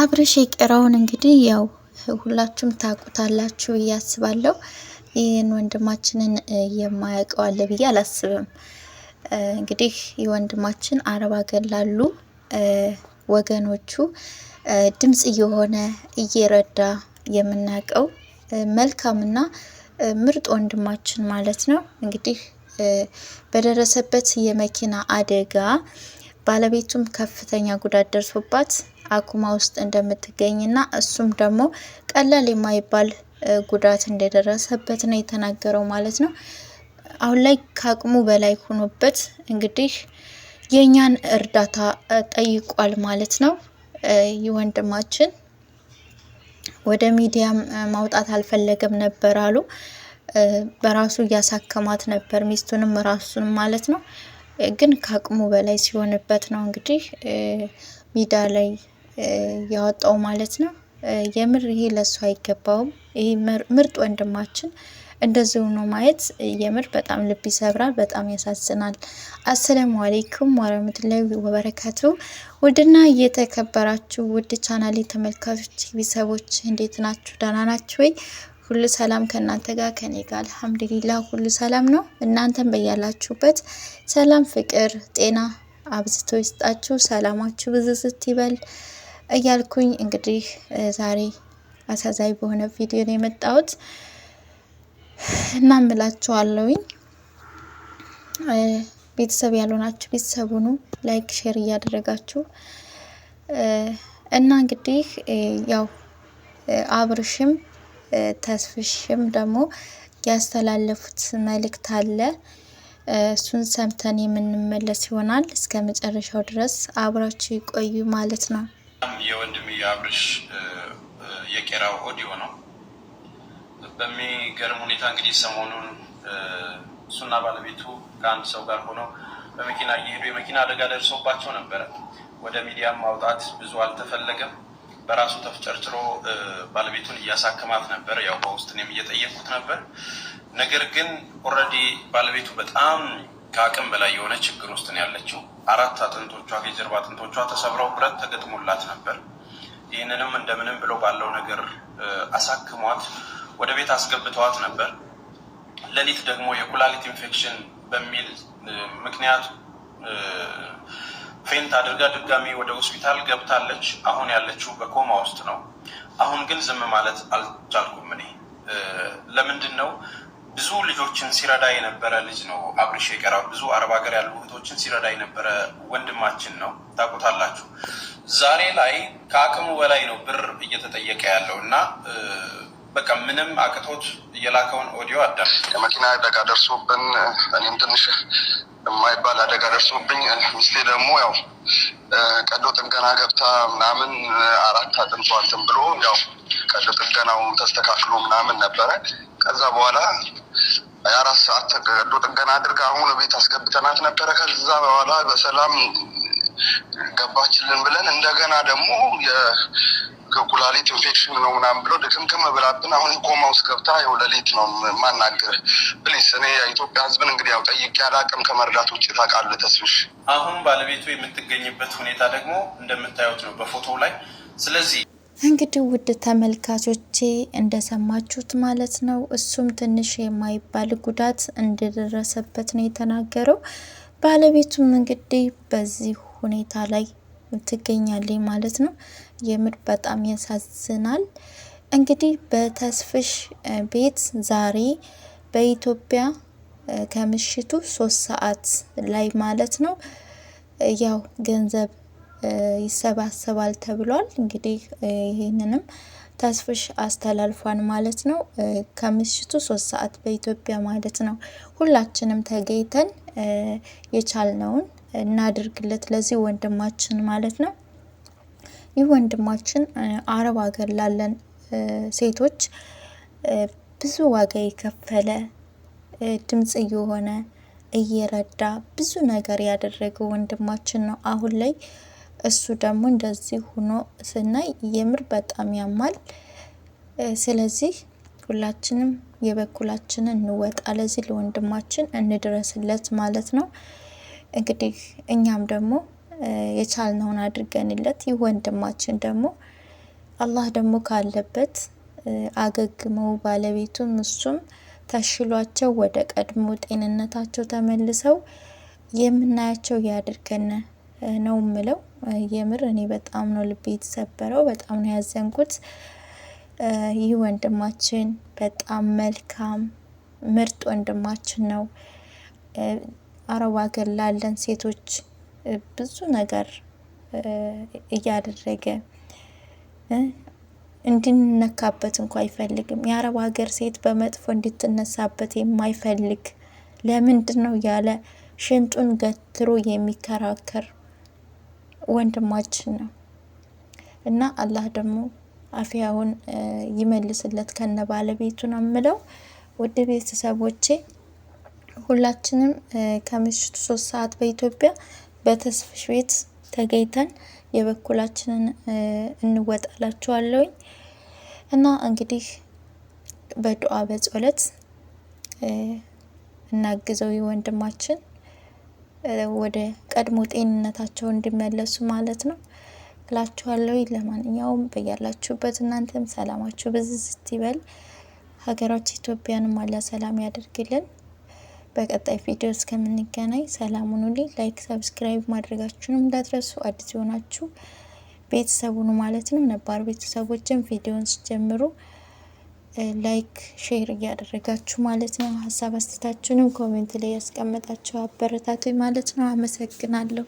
አብርሽ የቀረውን እንግዲህ ያው ሁላችሁም ታውቁታላችሁ እያስባለሁ። ይህን ወንድማችንን የማያውቀው አለ ብዬ አላስብም። እንግዲህ የወንድማችን አረብ አገር ላሉ ወገኖቹ ድምጽ እየሆነ እየረዳ የምናውቀው መልካምና ምርጥ ወንድማችን ማለት ነው። እንግዲህ በደረሰበት የመኪና አደጋ ባለቤቱም ከፍተኛ ጉዳት ደርሶባት አኩማ ውስጥ እንደምትገኝና እሱም ደግሞ ቀላል የማይባል ጉዳት እንደደረሰበት ነው የተናገረው ማለት ነው። አሁን ላይ ከአቅሙ በላይ ሆኖበት እንግዲህ የእኛን እርዳታ ጠይቋል ማለት ነው። ይህ ወንድማችን ወደ ሚዲያም ማውጣት አልፈለገም ነበር አሉ። በራሱ እያሳከማት ነበር ሚስቱንም ራሱንም ማለት ነው። ግን ከአቅሙ በላይ ሲሆንበት ነው እንግዲህ ሚዲያ ላይ ያወጣው ማለት ነው። የምር ይሄ ለሱ አይገባውም። ይሄ ምርጥ ወንድማችን እንደዚሁ ነው ማየት የምር በጣም ልብ ይሰብራል፣ በጣም ያሳዝናል። አሰላሙ አሌይኩም ወረህመቱላሂ ወበረካቱ። ውድና እየተከበራችሁ ውድ ቻናሌ ተመልካቾች ቤተሰቦች እንዴት ናችሁ? ደህና ናችሁ ወይ? ሁሉ ሰላም ከእናንተ ጋር ከኔ ጋር አልሐምዱሊላ ሁሉ ሰላም ነው። እናንተም በያላችሁበት ሰላም፣ ፍቅር፣ ጤና አብዝቶ ይስጣችሁ። ሰላማችሁ ብዝዝት ይበል። እያልኩኝ እንግዲህ ዛሬ አሳዛኝ በሆነ ቪዲዮ ነው የመጣሁት እና እምላችኋለሁኝ ቤተሰብ ያልሆናችሁ ቤተሰቡኑ ላይክ ሼር እያደረጋችሁ እና እንግዲህ ያው አብርሽም ተስፍሽም ደግሞ ያስተላለፉት መልእክት አለ። እሱን ሰምተን የምንመለስ ይሆናል። እስከ መጨረሻው ድረስ አብራችሁ ይቆዩ ማለት ነው። የወንድም የአብርሽ የቄራው ኦዲዮ ነው። በሚገርም ሁኔታ እንግዲህ ሰሞኑን እሱና ባለቤቱ ከአንድ ሰው ጋር ሆነው በመኪና እየሄዱ የመኪና አደጋ ደርሶባቸው ነበረ። ወደ ሚዲያም ማውጣት ብዙ አልተፈለገም። በራሱ ተፍጨርጭሮ ባለቤቱን እያሳከማት ነበር። ያው በውስጥ እኔም እየጠየቅኩት ነበር። ነገር ግን ኦልሬዲ ባለቤቱ በጣም ከአቅም በላይ የሆነ ችግር ውስጥ ነው ያለችው። አራት አጥንቶቿ የጀርባ አጥንቶቿ ተሰብረው ብረት ተገጥሞላት ነበር። ይህንንም እንደምንም ብለው ባለው ነገር አሳክሟት ወደ ቤት አስገብተዋት ነበር። ሌሊት ደግሞ የኩላሊት ኢንፌክሽን በሚል ምክንያት ፌንት አድርጋ ድጋሚ ወደ ሆስፒታል ገብታለች። አሁን ያለችው በኮማ ውስጥ ነው። አሁን ግን ዝም ማለት አልቻልኩም እኔ ለምንድን ነው ብዙ ልጆችን ሲረዳ የነበረ ልጅ ነው አብርሽ የቀራው። ብዙ አረብ ሀገር ያሉ እህቶችን ሲረዳ የነበረ ወንድማችን ነው፣ ታውቁታላችሁ። ዛሬ ላይ ከአቅሙ በላይ ነው ብር እየተጠየቀ ያለው እና በቃ ምንም አቅቶት የላከውን ኦዲዮ አዳ የመኪና አደጋ ደርሶብን እኔም ትንሽ የማይባል አደጋ ደርሶብኝ ሚስቴ ደግሞ ያው ቀዶ ጥገና ገብታ ምናምን አራት አጥንቷልትን ብሎ ያው ቀዶ ጥገናው ተስተካክሎ ምናምን ነበረ። ከዛ በኋላ የአራት ሰዓት ቀዶ ጥገና አድርጋ አሁን ቤት አስገብተናት ነበረ። ከዛ በኋላ በሰላም ገባችልን ብለን እንደገና ደግሞ ከኩላሊት ኢንፌክሽን ነው ምናምን ብለው ድክምክም ብላብን አሁን ኮማ ውስጥ ገብታ ያው ለሊት ነው ማናገር። ፕሊስ እኔ የኢትዮጵያ ህዝብን እንግዲህ ያው ጠይቄ አላቅም ከመርዳት ውጭ ታውቃለህ ተስብሽ። አሁን ባለቤቱ የምትገኝበት ሁኔታ ደግሞ እንደምታዩት ነው በፎቶ ላይ። ስለዚህ እንግዲህ ውድ ተመልካቾቼ እንደሰማችሁት ማለት ነው እሱም ትንሽ የማይባል ጉዳት እንደደረሰበት ነው የተናገረው። ባለቤቱም እንግዲህ በዚህ ሁኔታ ላይ ትገኛለች ማለት ነው። የምር በጣም ያሳዝናል። እንግዲህ በተስፍሽ ቤት ዛሬ በኢትዮጵያ ከምሽቱ ሶስት ሰዓት ላይ ማለት ነው ያው ገንዘብ ይሰባሰባል ተብሏል። እንግዲህ ይህንንም ተስፍሽ አስተላልፏን ማለት ነው። ከምሽቱ ሶስት ሰዓት በኢትዮጵያ ማለት ነው ሁላችንም ተገኝተን የቻልነውን እናድርግለት ለዚህ ወንድማችን ማለት ነው። ይህ ወንድማችን አረብ ሀገር ላለን ሴቶች ብዙ ዋጋ የከፈለ ድምጽ እየሆነ እየረዳ ብዙ ነገር ያደረገ ወንድማችን ነው። አሁን ላይ እሱ ደግሞ እንደዚህ ሆኖ ስናይ የምር በጣም ያማል። ስለዚህ ሁላችንም የበኩላችንን እንወጣ፣ ለዚህ ለወንድማችን እንድረስለት ማለት ነው። እንግዲህ እኛም ደግሞ የቻልነውን አድርገንለት ይህ ወንድማችን ደግሞ አላህ ደግሞ ካለበት አገግመው ባለቤቱም እሱም ተሽሏቸው ወደ ቀድሞ ጤንነታቸው ተመልሰው የምናያቸው ያድርገን ነው ምለው። የምር እኔ በጣም ነው ልቤ የተሰበረው፣ በጣም ነው ያዘንኩት። ይህ ወንድማችን በጣም መልካም ምርጥ ወንድማችን ነው። አረብ ሀገር ላለን ሴቶች ብዙ ነገር እያደረገ እንድንነካበት እንኳ አይፈልግም። የአረብ ሀገር ሴት በመጥፎ እንድትነሳበት የማይፈልግ ለምንድን ነው ያለ ሽንጡን ገትሮ የሚከራከር ወንድማችን ነው እና አላህ ደግሞ አፍያውን ይመልስለት ከነ ባለቤቱ ነው የምለው። ውድ ቤተሰቦቼ ሁላችንም ከምሽቱ ሶስት ሰዓት በኢትዮጵያ በተስፍሽ ቤት ተገኝተን የበኩላችንን እንወጣላችኋለውኝ እና እንግዲህ በዱዓ በጸሎት እናግዘው ወንድማችን ወደ ቀድሞ ጤንነታቸው እንዲመለሱ ማለት ነው እላችኋለሁ። ለማንኛውም በያላችሁበት እናንተም ሰላማችሁ ብዝዝት ይበል። ሀገራችን ኢትዮጵያንም አላ ሰላም ያደርግልን። በቀጣይ ቪዲዮ እስከምንገናኝ ሰላም ሁኑልኝ። ላይክ፣ ሰብስክራይብ ማድረጋችሁንም እንዳትረሱ። አዲስ የሆናችሁ ቤተሰቡን ማለት ነው ነባር ቤተሰቦችን ቪዲዮን ስጀምሩ ላይክ፣ ሼር እያደረጋችሁ ማለት ነው ሀሳብ አስተታችሁንም ኮሜንት ላይ ያስቀመጣችሁ አበረታቱ ማለት ነው። አመሰግናለሁ።